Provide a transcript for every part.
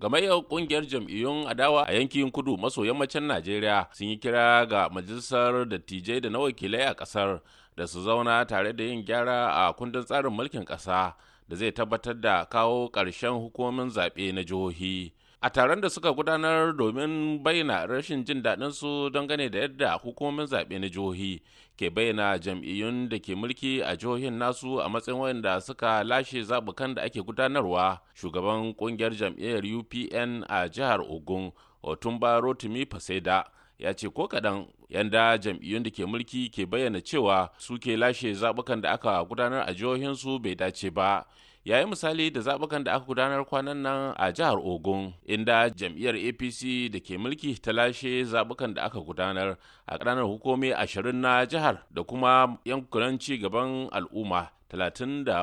Gamayyar kungiyar jam'iyyun adawa a yankin kudu maso yammacin Najeriya sun yi kira ga majalisar dattijai da na wakilai a kasar da su zauna tare da yin gyara a kundin tsarin mulkin kasa da zai tabbatar da kawo ƙarshen hukumomin zaɓe na jihohi. a taron da suka gudanar domin bayyana rashin jin daɗin su dangane da yadda hukumomin zaɓe na jihohi ke bayyana jam'iyyun da ke mulki a jihohin nasu a matsayin wanda suka lashe zaɓukan da ake gudanarwa shugaban ƙungiyar jam'iyyar upn a jihar ogun otumba rotimi faseda ya ce ko kaɗan yanda jam'iyyun da ke mulki ke bayyana cewa suke lashe zaɓukan da aka gudanar a jihohinsu bai dace ba yayi misali da zaɓukan da aka gudanar kwanan nan a jihar ogun inda jam'iyyar apc da ke mulki ta lashe zaɓukan da aka gudanar a ƙananan hukumi ashirin na jihar da kuma yankunan ci gaban al'umma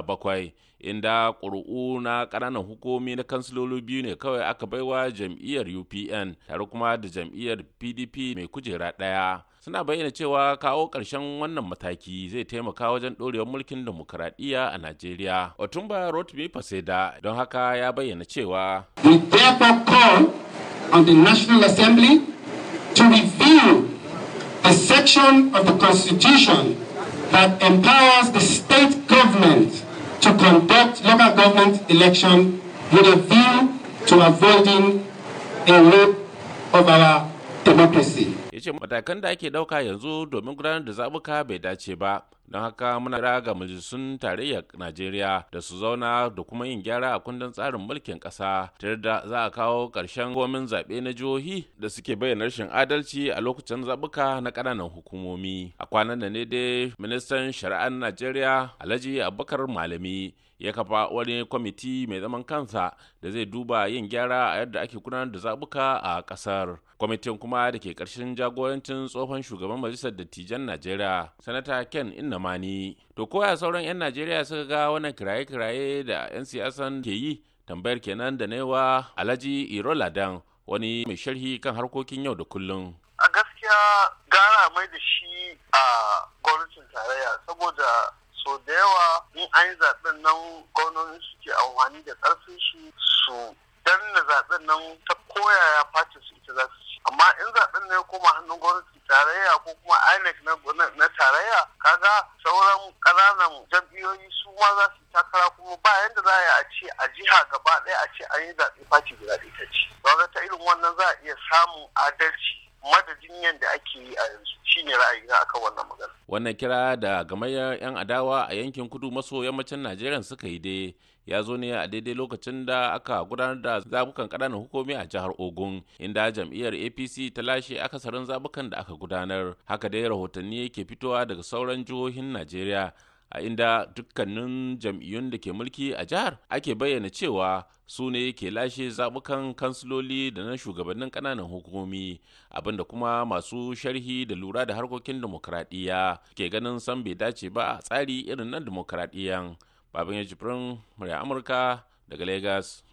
bakwai inda ƙuri'u na ƙananan hukumi na kansiloli biyu ne kawai aka baiwa jam'iyyar upn tare kuma da jam'iyyar pdp mai kujera ɗaya suna bayyana cewa kawo ƙarshen wannan mataki zai taimaka wajen ɗorewar mulkin demokuraɗiyya a Najeriya. Otumba Rotimi Faseda don haka ya bayyana cewa. We therefore call on the National Assembly to review the section of the Constitution that empowers the state government to conduct local government election with a view to avoiding a rape of our democracy. ya ce matakan da ake ɗauka yanzu domin gudanar da zabuka bai dace ba don haka muna kira ga majalisun tarayyar najeriya da su zauna da kuma yin gyara a kundin tsarin mulkin ƙasa tare da za a kawo ƙarshen gomin zaɓe na jihohi da suke bayyana rashin adalci a lokacin zabuka na ƙananan hukumomi a kwanan da ne dai ministan shari'ar najeriya alhaji abubakar malami ya kafa wani kwamiti mai zaman kansa da zai duba yin gyara a yadda ake gudanar da zabuka a kasar kwamitin kuma da ke ƙarshen jagorancin tsohon shugaban majalisar dattijan najeriya sanata ken inna mani To koya sauran 'yan Najeriya suka ga wannan kiraye-kiraye da 'yan siyasan ke yi tambayar kenan da naiwa Alhaji Iro Ladan wani mai sharhi kan harkokin yau da kullum. A gaskiya gara mai da shi a gwamnatin tarayya saboda so da yawa in an yi zaɓen nan gwamnoni suke amfani da ƙarfin shi su danna zaɓen nan ta ya fatin su ita za su ci. Amma in zaɓen ya koma hannun gwamnatin tarayya ko kuma INEC na tarayya kaza sauran kananan jam'iyyoyi su ma za su takara kuma ba yadda za a ce a jiha gaba ɗaya a ce an yi zaɓe fati guda ɗaya ta ce ba ta irin wannan za a iya samun adalci madadin yadda ake yi a yanzu shine ra'ayi ra'ayina akan wannan magana wannan kira da gamayyar 'yan adawa a yankin kudu maso yammacin najeriya suka yi dai ya zo ne a daidai lokacin da aka gudanar da zabukan ƙananan hukumi a jihar ogun inda jam'iyyar apc ta lashe akasarin zabukan da aka gudanar haka dai rahotanni ke fitowa daga sauran jihohin najeriya a inda dukkanin jam'iyyun da ke mulki a jihar ake bayyana cewa su ne ke lashe zaɓukan kansiloli da na shugabannin ƙananan hukumomi abinda kuma masu sharhi da lura da harkokin demokradiyya ke ganin san bai dace ba a tsari irin na demokradiyyan babin ya murya amurka daga lagos